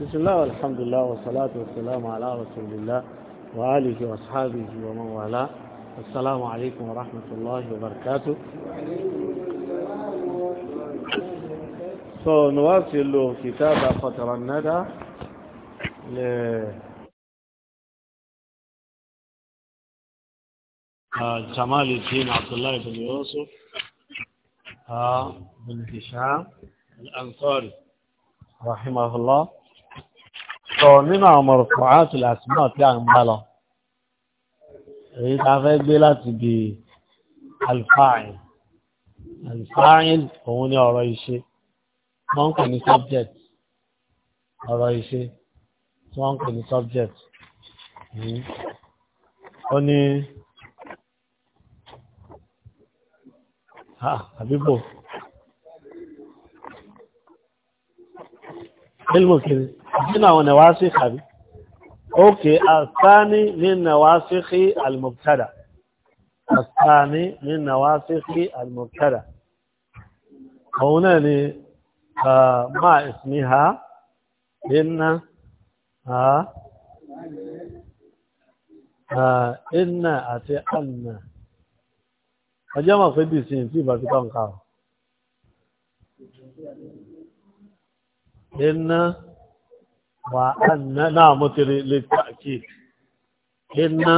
بسم الله والحمد لله والصلاة والسلام على رسول الله وآله وأصحابه ومن والاه السلام عليكم ورحمة الله وبركاته سنواصل كتاب خطر الندى ل آه، جمال الدين عبد الله بن يوسف آه، بن هشام الأنصاري rahimahullah sọ nínú àwọn marfu'atul asma tí a ń bá lọ èyí tá a fẹ́ gbé láti bí alfa'il alfa'il òun ni ọ̀rọ̀ ìṣe wọ́n ń pè ní subject ọ̀rọ̀ ìṣe tí wọ́n ń pè ní subject hmm. ó ní àbíbò. Ah, àmìlmù kiri nínú àwọn nàwásí kàbí ókè àtàní ní nàwásí kí alìmọ̀kádà àtàní ní nàwásí kí alìmọ̀kádà òun náà ni máa ìsinmi ha iná ha iná àti àmì ọjọ́ mọ̀ pé bí sí ìfí ìbàtíkọ̀ nǹkan inna wa anna náà mo ti rí lè tààkì inna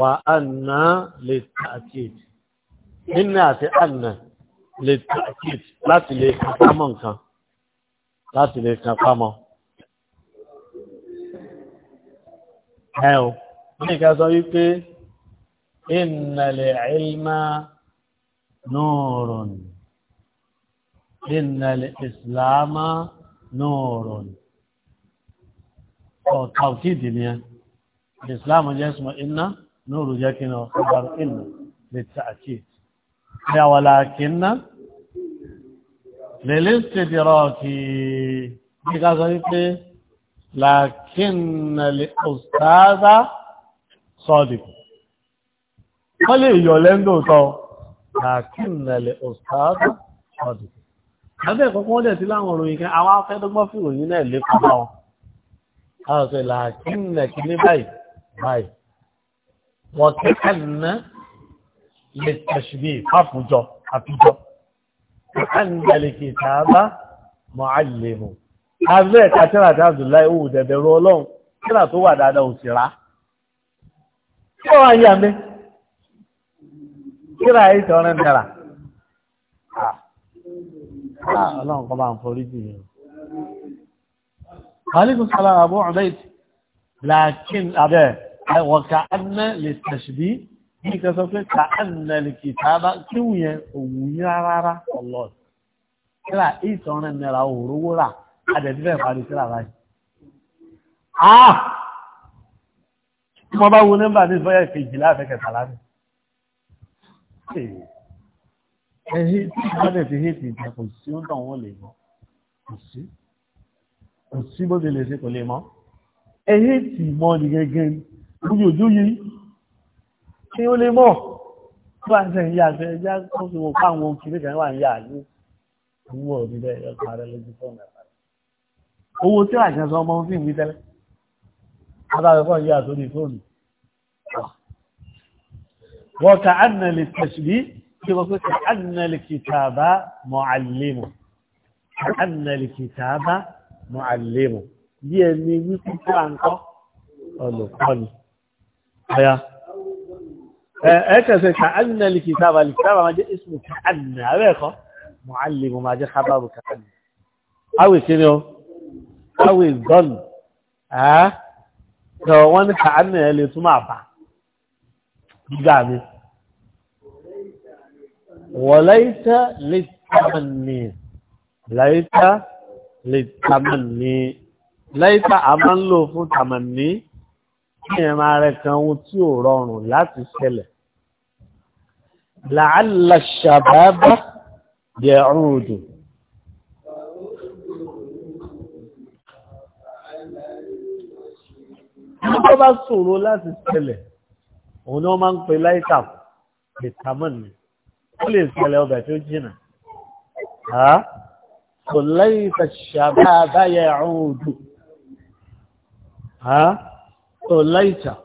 wa anna lè tààkì inna àti anna lè tààkì láti lè kápámọ̀ nǹkan láti lè kápámọ̀ ẹ o wọ́n ní ká sọ wípé inna lè ilma nurun inna lè islama nurun nọ́ọ̀rọ̀ ni ọ̀ tàùkìdì ni ẹ ìsìláàmù jẹ́ súnmọ́ iná nóòrù jẹ́ kí náà ọgbàrú ìlú lè ta àkí ẹ̀yàwọ̀lá kí ná lè lè ṣèdè rọ́ọ̀kì bí ká wípé làkínà ọ̀sáàdá sọ́dìkù wọ́n lè yọ̀ lẹ́ńdò tọ́ ọ̀sáàdá sọ́dìkù Àbẹ́ ìkọ̀kọ́ dẹ̀ sí láwọn òròyìn kan, àwọn afẹ́ tó gbọ́ fún ìròyìn náà lè kọ́ báwọn. Àwọn ọ̀sẹ̀ là kí n nà kí ní báyìí, báyìí. Wọ́n ti ká nà lè tẹ̀sùbí fáfùjọ, àfijọ. Ká ń dalè kì í tààbá mọ́ àlè mọ́. Àbẹ́ ẹ̀ka tíra tí Abdullahi ò dẹ̀bẹ̀ ru ọlọ́run, tíra tó wà dáadáa ò sì Kí wọ́n wá yà mí? Kíra ayé Ah, ọlọ́run kọ́ bá ń forí jì yẹn. Àlékún sọ́lá Abu Ubayd làákín abẹ́ wọ̀ ká ẹnẹ́ lè tẹ̀sìbí ní kẹsọ pé ká ẹnẹ́ lè kìtàbá kíwù yẹn òwú yín rárá ọlọ́ọ̀. Kíra ìtọ́rin nira òróró rà àdẹ̀bí parí kíra báyìí. Ah! ẹ̀hí tí ìbálẹ̀ fi hétì ìjà kò sí ó dàn lè mọ́ kò sí kò sí bó ti lè ṣe kò lè mọ́ ẹ̀hí tì mọ́ ni gẹ́gẹ́ lójú ojú yìí kí ó lè mọ́ tó bá ń sẹ́ ìyá àti ẹja fi wọ́n pa àwọn òkè nígbà wà ń yà ní ìwọ̀ òbí bẹ́ẹ̀ yọ pa rẹ lójú fún ẹ̀fà owó tí àjẹ́ sọ ọmọ fún ìwé tẹ́lẹ̀ adájọ́ fún ìyá àtòrí fóònù wọ́n ka ànà lè tẹ̀sí tí wọ́n pẹ́ annalkitaba mọ̀álẹ́mù annalkitaba mọ̀álẹ́mù bí ẹni wípé pàǹkọ́ olùkọ́ni ọ̀yá ẹ̀ẹ́kẹ̀ẹ́sẹ̀ ka annalkitaba alkitaba ma jẹ́ ismu ka anna abẹ́ẹ̀kọ́ mọ̀álẹ́mù ma jẹ́ kábàbù ka anna awè kiri o awè zọ́n ẹ́ tọ̀ wọ́n ní ka anna ẹ̀ lè túmọ̀ àbá gbígbà mi wọ̀láìsá lè tàmàní láìsá lè tàmàní láìsá a máa ń lò fún tàmàní kí ẹ máa rẹ kan ohun tí ò rọrùn láti ṣẹlẹ̀ làálà ṣàbábá yẹ ọrùn òdò tó bá ṣòro láti ṣẹlẹ̀ òun ni máa ń pe láìsá lè tàmàní ó lè ṣẹlẹ̀ ọbẹ̀ tó jìnà kò lẹ́yìn ṣàbá báyẹ̀ ẹ̀rùn òdù kò lẹ́yìn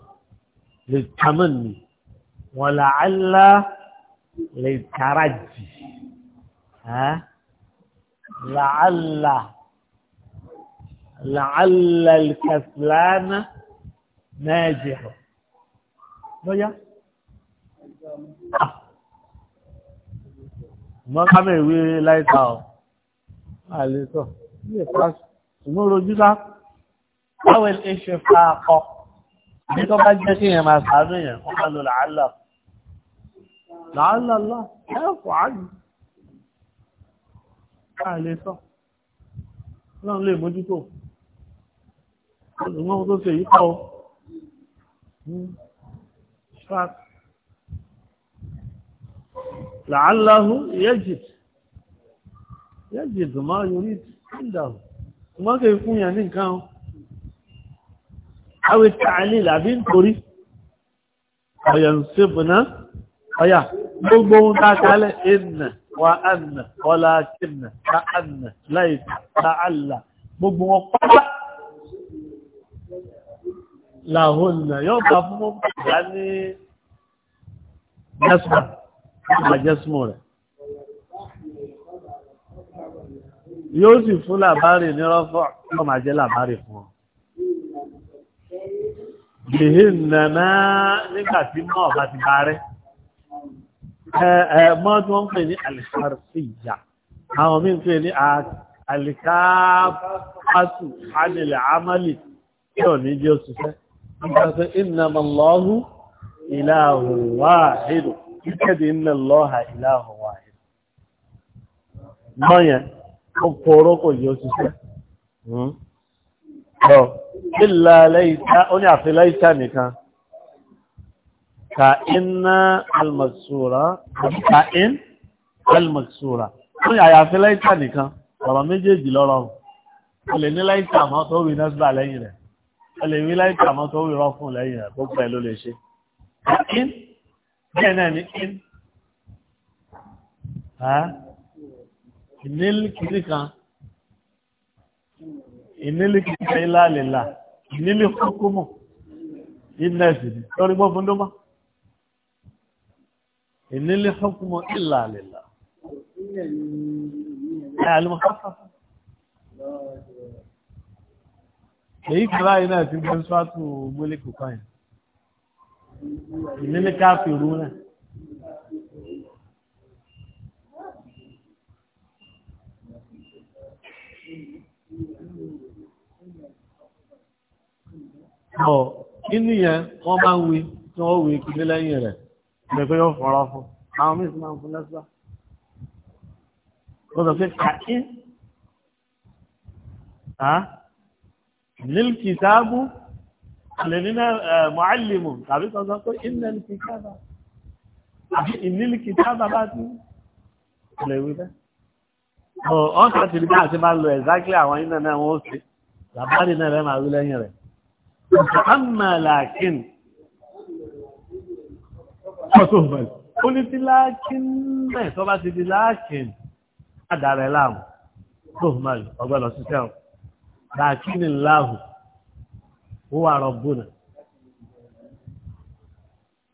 lè tàmánì wọ́n làálá lè tàràjì làálá làálá ìkàsìlánà náà jẹ́ bọ́yá. Ah. ṣùgbọ́n ká mẹ́ ìwé láìta ọ̀ àlè sọ ilé pàṣẹ ṣùgbọ́n rojú sá báwo ni ṣe fa akọ àbí tó bá jẹ́ kí yẹn máa sàánú yẹn wọ́n máa lo làálà làálà lọ ẹ àjù àlè sọ ọlọ́run lè mójútó ṣùgbọ́n tó ṣe yíká o. Hmm làálàáhù yẹ́jìd yẹ́jìd máa yorí ìdáhù ṣùgbọ́n kí fún yẹn ní nǹkan awé tààlì làbí nítorí ọ̀yọ̀ ṣébùná ọ̀yà gbogbo ohun tákálẹ̀ ìnà wa anna ọlá kìnnà ta anna láìta ta àlà gbogbo wọn pátá làhùn náà yóò bá fún mọ́ ní nẹ́sùn máa jẹ́ súnmọ́ rẹ̀ yóò sì fún làbárì ní rọ́fọ́ tó máa jẹ́ làbárì fún ọ gbèhé nàná nígbà tí mọ́ ọ̀bá ti bá rẹ̀ ẹ̀ẹ̀mọ́ tí wọ́n ń pè ní àlìkárìsíyà àwọn mí ń pè ní àlìkáàpátù ánilẹ̀ amálì tí ò ní jẹ́ òṣìṣẹ́ nígbà tí ìnàmọ̀lọ́hù ìlà òwà ìdùn ìkéde iná lọ́ha ìlàhùn wà ní. Mọ́yẹn, ó kọ̀ọ̀rọ̀ kò yóò ṣiṣẹ́. Ọ̀ ìlà lẹ́ìta, ó ní àfi lẹ́ìta nìkan. Ka iná almasura, ka in almasura. Ó ní àyàfi lẹ́ìta nìkan, ọ̀rọ̀ méjèèjì lọ́rọ̀. Ó lè ní lẹ́ìta mọ́ tó wí nọ́síbà lẹ́yìn rẹ̀. Ó wí lẹ́ìta mọ́ tó wí rọ́fún lẹ́yìn rẹ̀, gbogbo ẹ̀ ló lè ṣe. Ka in bẹ́ẹ̀ náà ní in ìnílìkìlì kan ìnílìkìlì kan ilá àlèlà ìnílì kókómọ̀ ìnẹ́sì ni lórí gbọ́fún ló mọ́ ìnílì kókómọ̀ ilá àlèlà èyí kìlá yìí náà ti gbé ń sọ́tù mólíkù kan yìí ìnílẹ̀ káfíìrú náà. ọ̀ nínú yẹn wọ́n máa ń wí tí wọ́n wí kí ní lẹ́yìn rẹ̀ lè pé yóò fọ́rọ́ fún àwọn míì sì máa ń fún lẹ́sà ó sọ pé kàkí nílùú kìtàbù àlẹ́nínà mọ̀álìmù tàbí sọ́sọ́ pé ìnìlìkìtàbà àbí ìnìlìkìtàbà bá tí lẹ́wí bẹ́ ọ́n kàtí rí káàtí máa lọ ẹ̀zákì àwọn iná náà wọ́n ṣe làbárí náà rẹ̀ máa rú lẹ́yìn rẹ̀ Oní tí láàkín mẹ́ tó bá ti di láàkín, àdàrẹ̀ láàmù, tó mọ̀ ọgbẹ́ lọ sí tẹ́ọ̀. Láàkín ni láàmù, هو ربنا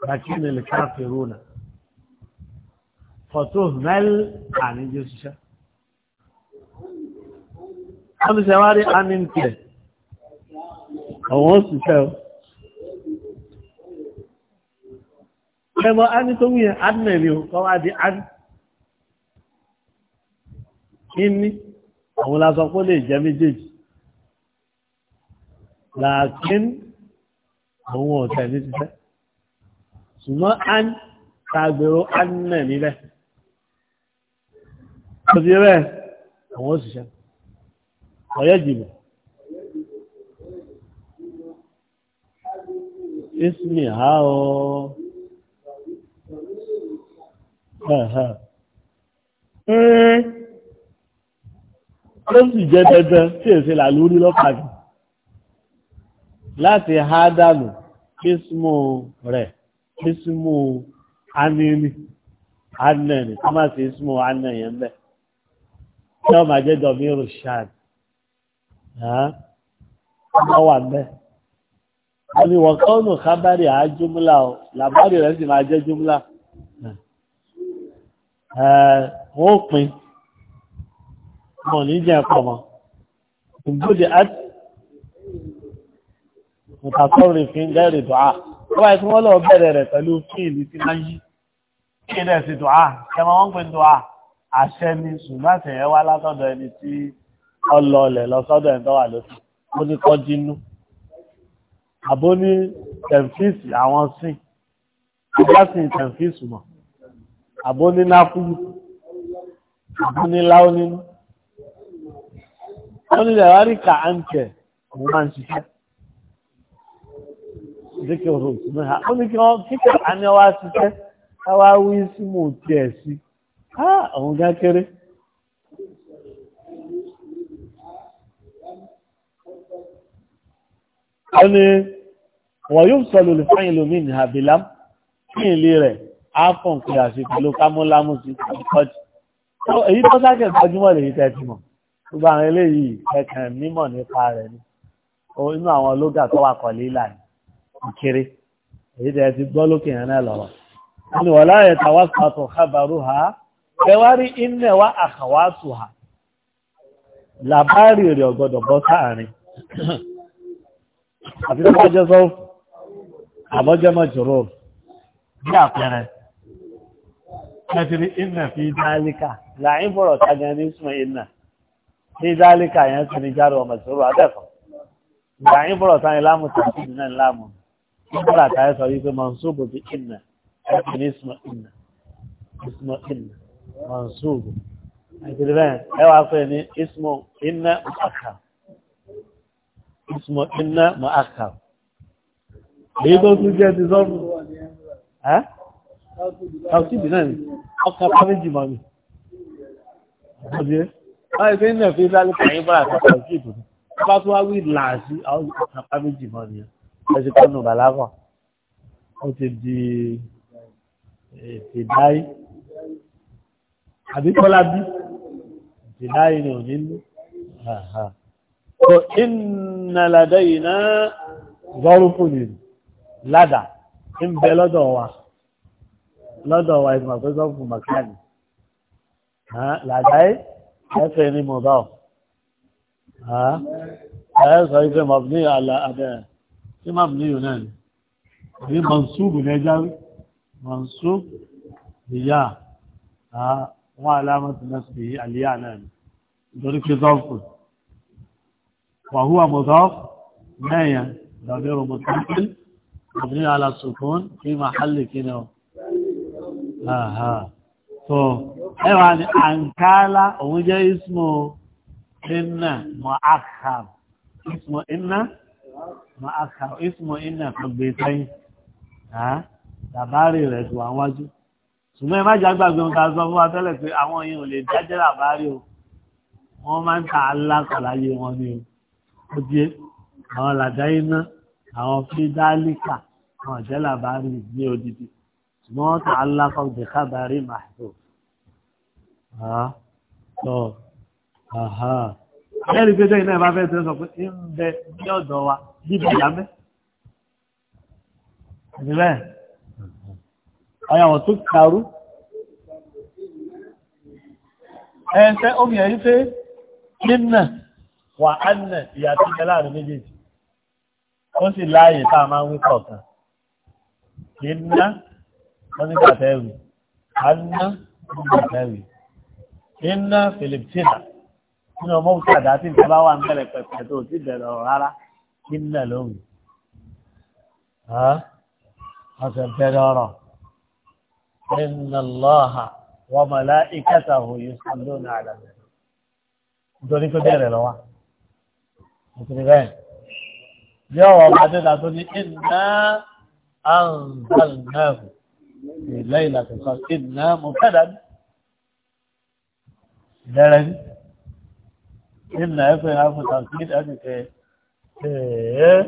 لكن الكافرون فتهمل عن جسشة أنا سواري عن انتهى أو سواري ẹmọ a ní tó wíyẹn adìmẹ̀rí o kọ́ wá di adì kí ní àwọn lásọ kó lè jẹ méjèèjì làákín òun ọ̀tẹ̀ ní ṣiṣẹ́ ṣùgbọ́n án tàgbèrò án náà níbẹ̀ tó ti rẹ̀ àwọn òṣìṣẹ́ ọ̀yẹ́ jìbò ismi ha o ẹ̀hẹ̀ ẹ̀ẹ́ ló sì jẹ́ dandan tí èsì làlórí lọ́pàá láti hádàlù kísmù rẹ̀ kísmù anìní anìní tó máa ti kísmù anìní yẹn bẹ́ẹ̀ tí wọ́n máa jẹ́ dọ̀mí rùsàn wọ́n wà bẹ́ẹ̀ wọ́n ni wọ́n kọ́nù kábàrì àá jùmúlà ọ̀ làbárì rẹ̀ sì máa jẹ́ jùmúlà wọ́n pin wọn ní mùtàkọ́rì fi ń dẹ́rì dùá wọ́n yẹ kí wọ́n lọ bẹ̀rẹ̀ rẹ̀ pẹ̀lú fíìlì tí máa ń yí kí ẹ̀dẹ̀ sí dùá kẹmọ wọ́n pè dùá àṣẹ ni ṣùgbọ́n àtẹ̀yẹ wá látọ̀dọ̀ ẹni tí ọlọ́ọ̀lẹ̀ lọ sọ́dọ̀ ẹ̀ tọ́wà lókè ó ní kọ́ dínú àbó ní tẹ̀fíìsì àwọn sìn ọjọ́ sì ń tẹ̀fíìsì mọ̀ àbó ní náfúlù àbó ní láó nínú ó ní lẹ̀wárí lékè ọ̀rọ̀ òsì náà ó ní kí wọ́n kíkà á ní ọwá ṣiṣẹ́ káwá wí sí mò ń tiẹ̀ sí á àwọn gá kéré. ó ní wọ́n yóò sọ lórí fáyín lómi ní abilam ní ilé rẹ̀ á fọ̀n pé àṣepọ̀ ló kámúlámú sí ìkọ́jú. èyí tó sákẹ̀ gbajúmọ̀ lèyí tẹ́ ti mọ̀ gbogbo àwọn eléyìí ẹ̀kàn mímọ̀ nípa rẹ̀ ni inú àwọn lógà tó wà kọ̀ lílà ni kéré èyí tẹ́ ti gbọ́ lókè yẹn náà lọ́rọ̀ ni wọ́n láyé tàwa sàtò habaru ha ẹwárí iná wa àkàwátù ha làbárì rẹ̀ ọ̀gbọ́dọ̀ bọ́ sáàrin àti tó bá jẹ́ sọ àbọ́jẹ́mọ̀ jòrò bí àpẹẹrẹ kẹtìrí iná fi dálíkà láàrín bọ̀rọ̀ tágan ní sún iná ní dálíkà nígbà tá a sọ wípé mansubu bi inna ẹ̀kì ní ismu inna ismu inna mansubu àìsílẹ̀ bẹ́ẹ̀ ẹ wá pé ní ismu inna mu'akkar ismu inna mu'akkar èyí tó tún jẹ́ ti sọ́ọ̀bù ẹ́ tàùsíbì náà ni ọkà pàmíjì mọ́ mi ọdún báyìí pé ní ẹ̀fẹ́ ìdálẹ́kọ̀ọ́ yín bára tàùsíbì bá tún wá wí làásì àwọn ọkà pàmíjì mọ́ mi ẹsẹ̀ tó nù bàlágọ̀ ó ti di ìdáyé àbí kọ́lá bí ìdáyé ni ò ní ní kò iná ládá yìí náà gọ́rùfù ni ládà ń bẹ lọ́dọ̀ wa lọ́dọ̀ wa ìgbìmọ̀ pé gọ́rùfù màkàní làdáyé ẹ̀fẹ̀ ni mo bá ọ ẹ̀ sọ ìfẹ́ mọ̀ ní àlà àbẹ̀rẹ̀ tí máa bù níyò náà ni èyí mọ̀nsúbù ní ẹjá rí mọ̀nsúbù ìyá wọn alámọ̀tí náà sí àlíyá náà ni nítorí pé zọ́ọ̀fù wàhúwà mọ̀sọ́ọ̀fù mẹ́yàn dàbẹ̀rù mọ̀tàkì ọ̀bìnrin alásùkún kí máa hálì kí ni ọ so ẹwà ni àǹkálá òun jẹ́ ismo inna mu'akhkhar ismo inna ma aka ismọ̀ iná kan gbé sẹ́yìn làbárì rẹ̀ tó wà wájú ṣùgbọ́n ẹ má jà gbàgbé ohun tá a sọ fún wa tẹ́lẹ̀ pé àwọn yìí ò lè dájẹ́ làbárì o wọ́n máa ń ta alákọ̀láyé wọn ni o ó di àwọn làdáyé náà àwọn fídálíkà àwọn jẹ́ làbárì ní odidi ṣùgbọ́n wọ́n ta alákọ̀ dèkábárì màdó ẹ̀rí pé sẹ́yìn náà bá fẹ́ sọ pé ń bẹ ní ọ̀dọ̀ wa bíbẹ̀ lábẹ́ ìbílẹ̀ ọ̀yàwó tó kàrú ẹ̀ẹ́sẹ́ omi ẹ̀rí pé nínà wà á nà ìyàtí jẹ láàrin méjèèjì ó sì láàyè tá a máa ń wí kọ̀ọ̀kan nínà wọ́n ní gbàtẹ́rù á ná ní gbàtẹ́rù nínà philipina nínú ọmọ òkú àdá tí ìjọba wà ń bẹ̀rẹ̀ pẹ̀pẹ̀ tó ti bẹ̀rẹ̀ rárá كنا لهم ها حسب تجارة إن الله وملائكته يصلون على النبي دوني كدير لو يا وبعدين أتوني إنا أنزلناه في ليلة القدر إنا مبتدا ده إنا يكون عارف التأكيد أدي ẹ̀ẹ́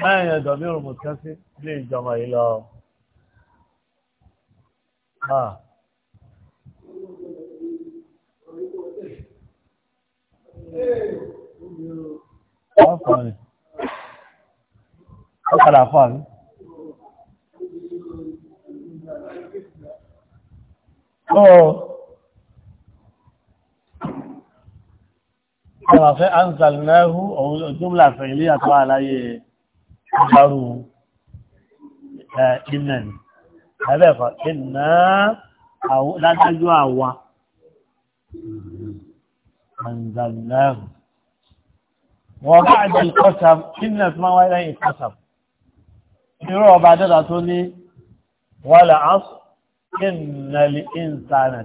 láàrin ẹ̀dọ̀ mi ò mọ̀ kán sí ilé ìjọba yìí lọ. Wọ́n fọ̀ ni. Wọ́n padà fọ̀ ni. mà fẹ́ ansal náà òun jùmlà fẹ̀lẹ́ àtọ́ àlàyé ìgbàrú iná ni ẹ̀bẹ̀kọ̀ iná ládájú àwa ansal náà wọ́n bá àjẹ́ ìkọ́sàm iná tí wọ́n wáyé ìkọ́sàm irú ọba dẹ́dà tó ní wọ́lẹ̀ áṣù iná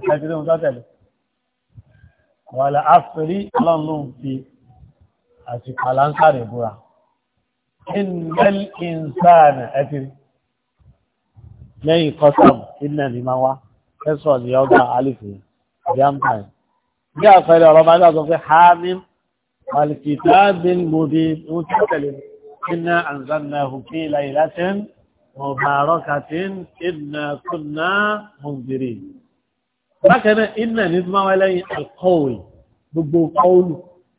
wàlẹ̀ àfẹ́rí ọlọ́run fi àti kàlánsà rẹ̀ búra innal insana ẹ̀tìrí lẹ́yìn kọ́sàmù iná ni máa wá ẹ̀sọ̀ ni ọgbà alìfẹ́ ìyáǹpáì bí àfẹ́rí ọ̀rọ̀ máa gbàgbọ́ pé hamim alkitabil mubin ohun tí ó tẹ̀lé iná anzalnahu fi laylatin bákanáà iná ní tí máa wá lẹ́yìn alkọ́ọ̀lù gbogbo kọ́ọ̀lù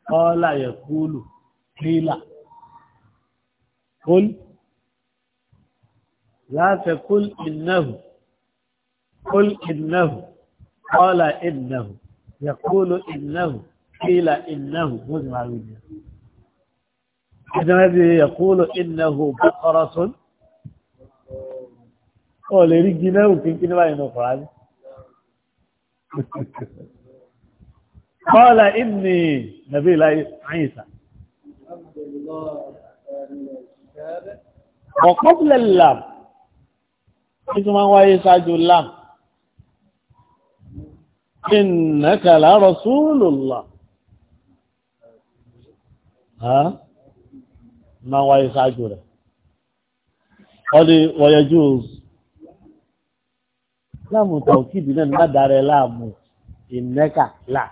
kọ́ọ̀lá yẹ̀kúlù kílà kúl láti kúl ìnáhù kúl ìnáhù kọ́ọ̀lá ìnáhù yẹ̀kúlù ìnáhù kílà ìnáhù mọ́sí máa rí ni ìdánwẹ́bí yẹ̀kúlù ìnáhù bọ́kọ́rọ́sùn ó lè rí gínáhù kíkí ní báyìí náà fọ́ra ní Kọ́lá ìní nàbí láyé àyíṣà. Ọ̀kọ́bùlẹ̀ làm, kí tó máa wáyé ṣáájú làm. Innaka la Rasulullah. Ha? Máa wáyé ṣáájú rẹ̀. Ọdí wọ̀yẹ̀ Júùsù láàmù tàùkìdì náà má dára ẹ láàmù ìnẹ́kà là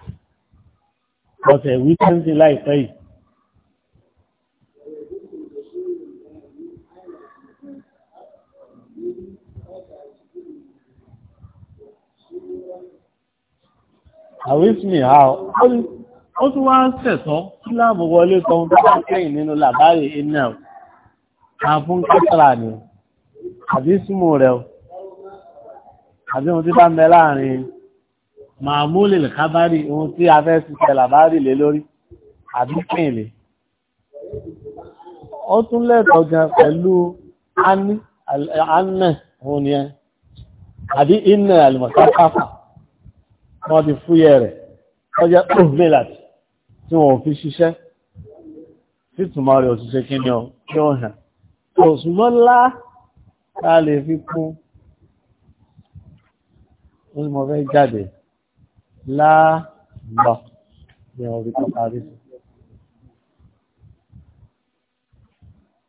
ọ̀sẹ̀ wíkẹ́ńdì láìpẹ́ yìí. àwísìmì ha ó tún wá ń sẹ̀sán kí láàmù wọlé kan tó bá kẹ́yìn nínú làbárì inel àfún kẹsàrà ni àbísìmù rẹ̀ o àbí ohun tí bá ń bẹ láàrin màmúlì kábárì ohun tí a fẹ́ ṣiṣẹ́ làbárì lé lórí àbí pìnlẹ̀ ó tún lẹ́tọ̀ọ́ gan pẹ̀lú anẹ́ òun ni ẹ àbí iná alìmọ̀sáfáfà wọ́n ti fúyẹ́ rẹ̀ ó jẹ́ òmìniràtì tí wọ́n fi ṣiṣẹ́ títùmọ̀ rẹ̀ òṣìṣẹ́ kí ni ó kí ó hàn ta lè fi kún ó ní mo fẹ́ jáde láàbà ní ọ̀rí tó parí sí.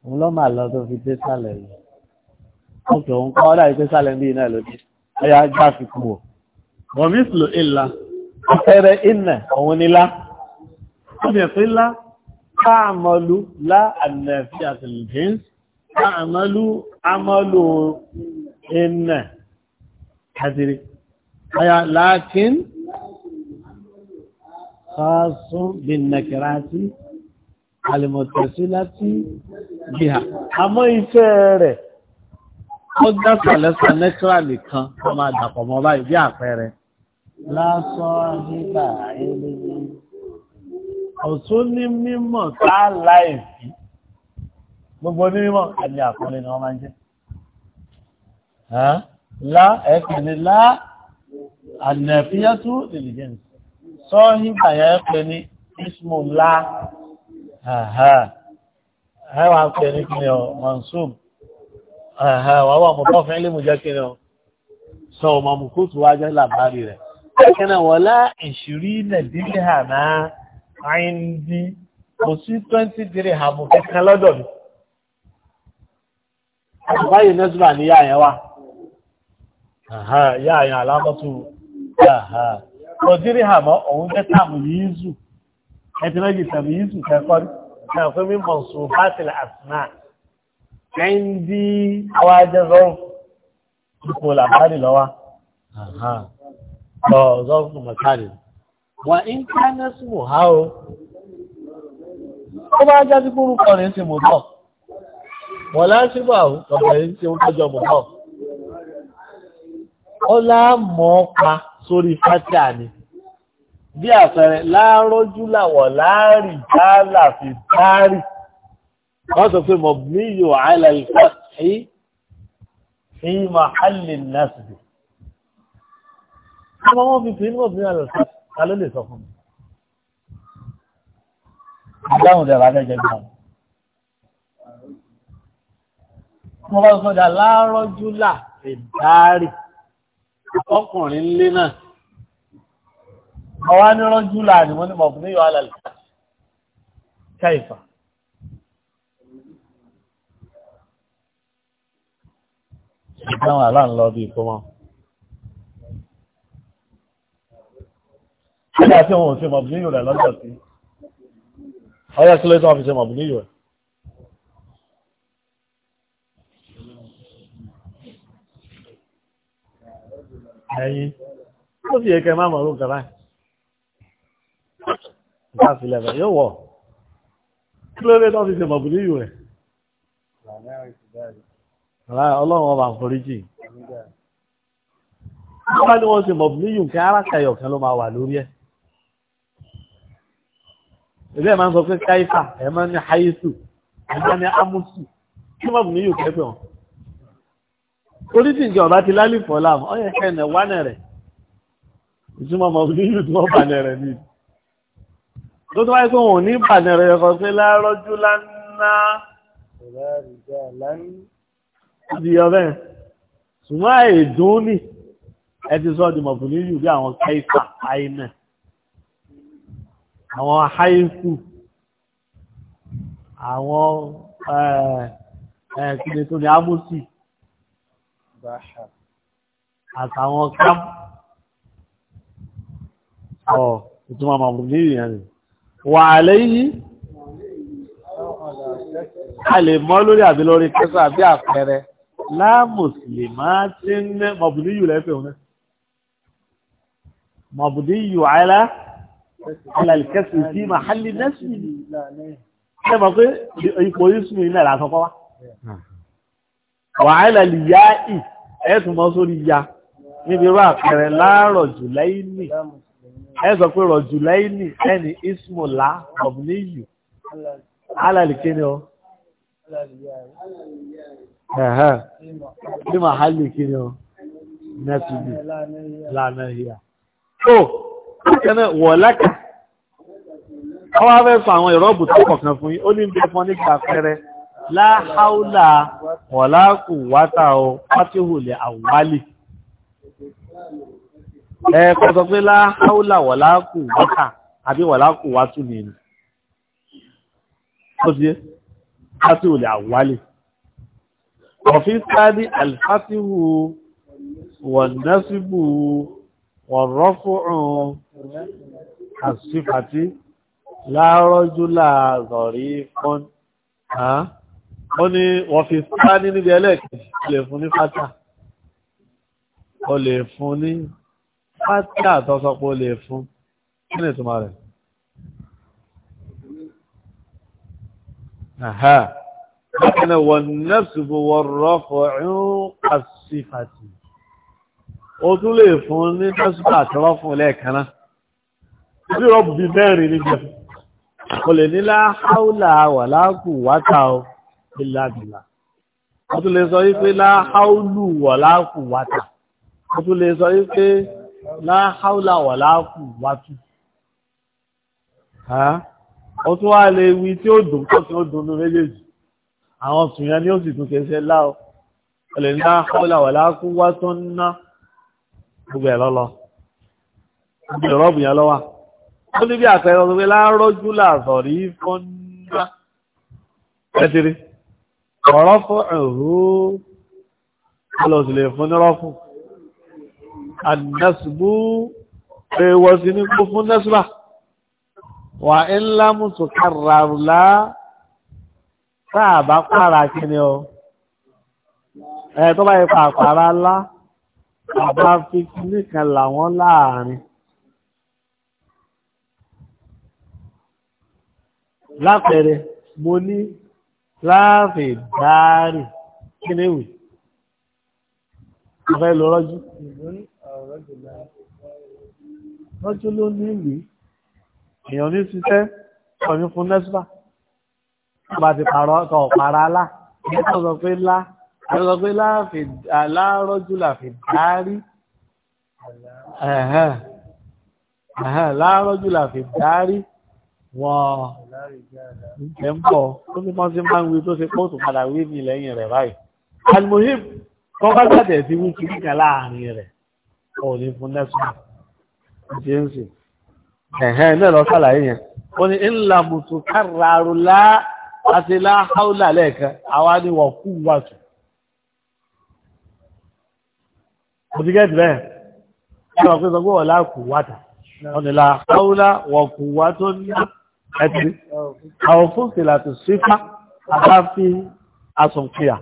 òun ló mà lọ tó fi dé sálẹ̀ yìí ọkọ̀ òun kọ́ ọ́dà ìpé sálẹ̀ bí iná lòdì ẹ̀yà gbà fi kú wọ̀. bọ̀mísìlò ìlà ọ̀fẹ́rẹ́ ìnà òun nílá ó bẹ̀ pé kàdìrí aya láàkín sáásún bin nàkìráàtì alìmọ̀tẹ̀sí láti bíhà àmọ́ iṣẹ́ rẹ̀ ó dásà lẹ́sà nẹ́kírà nìkan tó máa dàpọ̀ mọ́ báyìí bí àpẹẹrẹ lásán nígbà eléyìí ọ̀tún ní mímọ̀ tá láìsí gbogbo ní mímọ̀ àti àkọlé ni wọ́n máa ń jẹ́ lá ẹ̀kẹ́ ni lá ànàfíyàtú lèlìjẹ́n sọ hígbà yẹ pẹ ní ismola ẹwà pẹ ní kí ni ọ mansub wà wà mọ̀ tọ́fẹ́ ilé mú jẹ́ kí ni ọ sọ ọmọ mùkú tó wájẹ́ làbárí rẹ̀ kẹ́kẹ́nà wọlá ìṣìrí nàìjíríà hànà àìndí kò sí twenty three hàmù kẹ́kẹ́ lọ́dọ̀ mi báyìí nẹ́sùlà ní yáyẹn wà yáyẹn alámọ́tò ọdírí àmọ́ òun jẹ́ tàmìyízù ẹtìlẹ́jì tàmìyízù kẹ́kọ́rí ẹ̀fẹ́ mi mọ̀ sùn bátìlẹ̀ àtìmá ẹ̀ndí àwọn ajẹ́zọ́rùn ipò làbárì lọ́wọ́ ọ̀zọ́rùn mọ̀kárì wà ń kánẹ́ sí mọ̀há o ó bá jáde kúrú kọrin sí mọ̀tọ̀ wọ́n láṣíbà ọ̀pẹ̀ ń ṣe ń tọ́jọ́ mọ̀tọ̀ ó láàmọ́ pa sórí fátíà ni bí àpẹẹrẹ láàárọ̀jú làwọ̀ láàárín dáàlà fi dáàrí wọ́n sọ pé mọ̀bílíyò àìlàlùfẹ́ sí fi màhálì nàṣìbì ọmọ wọn fi pín mọ̀bílíyò àìlàlùfẹ́ ta ló lè sọ fún mi ìdáhùn dẹ̀ lábẹ́ jẹ́ gbà mo bá sọ dà là fi dáàrí ọkùnrin lé náà ọwọ́ ní rọ́jú láàrin wọ́n ní mọ̀ fún yọ alàlẹ́ káìfà. ìdáhùn aláǹlọ bíi kó mọ́. Nígbà tí wọn ò ṣe mọ̀bù níyò rẹ̀ lọ́jọ́ sí. Ọyọ́ kí ló tí wọ́n fi ṣe mọ̀bù níyò rẹ̀? Ẹyin, ó sì yẹ kẹ́ máa mọ̀ lóǹkà báyìí gáàsì lẹ́fẹ̀ yóò wọ̀ kí ló dé tó fi ṣe mọ̀bù ìwẹ̀ ọlọ́run ọba àforíjì wọ́n bá ní wọ́n ṣe mọ̀bù ní ìwẹ̀ kí arákàyọ̀ kan ló máa wà lórí ẹ̀ ilé ẹ̀ máa ń sọ pé káífà ẹ̀ máa ní háísù ẹ̀ máa ní ámúsù kí mọ̀bù ní ìwẹ̀ kẹ́pẹ̀ wọn oríṣi ìjọ ọba ti lálìfọ́ láàmú ọyẹ kẹ́ẹ̀nẹ̀ wánẹ̀ rẹ̀ ìtumọ̀ mọ̀bù ní ìwẹ̀ tí wọ́n bá nẹ̀ rẹ̀ níbi tó tó wáyé pé wọn ò ní ìbàdàn rẹ̀ kọ́ pé lárọ́jú lánà ìdí ọbẹ̀ ṣùgbọ́n àìdùn ní ẹ ti sọ di mọ̀bùn níyù bí àwọn káìsà àìnà àwọn àìsù àwọn ẹ̀ẹ́kìnì eh, eh, tó ní ámúsì àtàwọn kám ọ̀ ìtumọ̀ mọ̀bùn níyù yẹn ni wà lẹ́yìn a lè mọ́ lórí àbí lórí kẹsà bí àpẹẹrẹ láàmùsùlùmá tí ń ní mọ̀bùdíyù lẹ́fẹ̀ẹ́ òun mọ̀bùdíyù àìlá alàlìkẹsì sí màhálì nẹ́sì ṣe mọ̀ pé ipò ìsúnmù ilẹ̀ làtọ́kọ́ wá wà àìlàlìyá ì ẹ̀ẹ́tùmọ́ sórí ya níbi rú àpẹẹrẹ láàrọ̀ jùlẹ́ ìní ẹ sọ pé rọ̀jùláìní ẹni ismola ọ̀bùnìyù o? ọ ní mahali kíni ọ nẹ́tùbí lànà ìyá o? kẹ́nẹ̀ wọ̀lẹ́kà ọwọ́ fẹ́ sọ àwọn ìrọ́bù tó kọ̀kan fún yín ó ní bí fún nígbà pẹ́rẹ́ láháúlà wọ̀lákù wátà ọ pátíhù lè àwálì ẹ kò sọ pé láhàúlà wàláàkù wákà àbí wàláàkù wátù ní ẹni ó ti yé wátù ò lè àwálè ọ̀fí sáàdì alfátíhù wọ̀nẹ́síbù wọ̀rọ́fùrùn àṣífàtí láàrọ́júlà rọ̀rí fún ó ní wọ́n fi níbi ẹlẹ́ẹ̀kì lè fún ní fátà ó lè fún ní pátí àtọ́sọpọ̀ lè fún kí ni ìtumọ̀ rẹ̀ aha bákan wọn nẹ́sùbù wọn rọ́fọ̀ ẹ̀hún àṣìfàtì ó tún lè fún ní nẹ́sùbù àtọ́rọ́fún lẹ́ẹ̀kaná bí rọ́bù bí mẹ́rin níbẹ̀ kò lè nílá haúlà wà láàkù wátà ó ìlàbìlà ó tún lè sọ wípé láháúlù wà láàkù wátà ó tún lè sọ wípé láháúlà wà láàkù wátú ó tún wá lè wí tí ó dùn pọ̀ tí ó dùn ní méjèèjì àwọn sùn yẹn ni ó sì tún kẹsẹ̀ láò ọlẹ̀ ní láháúlà wà láàkù wátú ńná gbogbo ẹ̀ lọ́lọ́ gbogbo ìrọ́bù yẹn lọ́wà ó ní bí àpẹẹrẹ ọ̀sọ̀ pé láàárọ̀jú làzọ̀rí fọ́nná ẹ̀tìrí ọ̀rọ̀ fún ẹ̀hó ọlọ́sùn lè fún ní rọ́fún ànásùbú èèwọ̀ sí ní kó fún násùbà wà ń lámùtù kàràrùlá táà bá pààrà kí ni ọ ẹ̀ tó bá yẹ pààpàrà lá àbá fi kíní làwọn láàrin lápẹẹrẹ mo ní láàfin dáárì kí ni wì mo fẹ́ lọ lọ́jọ́ ló ní ìlú èèyàn ní ṣiṣẹ́ ọ̀ní fún nẹ́sùpà ọba ti pààrọ̀ ọkọ̀ pààrà lá ẹ̀ka sọ pé lá ẹ̀ka sọ pé láàárọ̀jú làfi dárí láàárọ̀jú làfi dárí wọ́n ẹ̀ ń bọ̀ ó ní mọ́ sí máa ń wí tó ṣe pọ́ọ̀tù padà wí ní lẹ́yìn rẹ̀ báyìí almuhim kọ́kọ́ jáde sí wí kìíní kan láàrin rẹ̀ wọn ò ní fún nẹ́fà àti ẹ̀ǹsì ẹ̀hẹ́n náà lọ sàlàyé yẹn ó ní ńlá mùtù kárààrù lá àti láháùlà lẹ́ẹ̀kan àwa ni wọ́n kú wà tù. mo ti gẹ́gẹ́ bẹ́ẹ̀ ṣé wọ́n pé sọ pé lá kù wà tà wọ́n ní láháùlà wọ́n kù wà tó ní ẹtì àwọn fúnfìlà tó sífà àbáfi asùnkìyà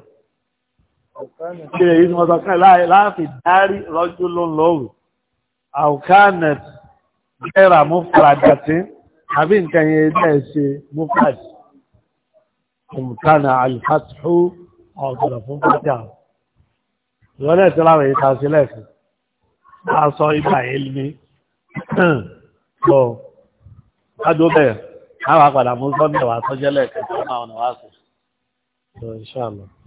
kí èyí ni wọ́n sọ pé láàfin dárí rọ́jú ló ń lọ́wọ́ àwòkánẹ̀t gẹ́ra mufradati àbí nǹkan yẹn dẹ́ ṣe mufrad mùtánà alifatihu ọ̀gbọ̀n fún pátá ìwọ́n ẹ̀sẹ̀ láwọn èyí ta sí lẹ́sìn a sọ ibà ilmi lọ kájú bẹ́ẹ̀ káwà padà mú sọ́nà wà tọ́jẹ́lẹ̀ kẹta máa ọ̀nà wá sí. Inshallah.